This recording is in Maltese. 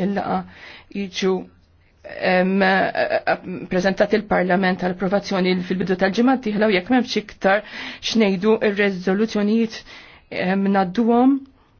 il-laqa jiġu prezentat il-Parlament għal approvazzjoni fil-bidu tal ġimgħat tieħla u jekk m'hemmx iktar xnejdu ir-reżoluzzjonijiet ngħadduhom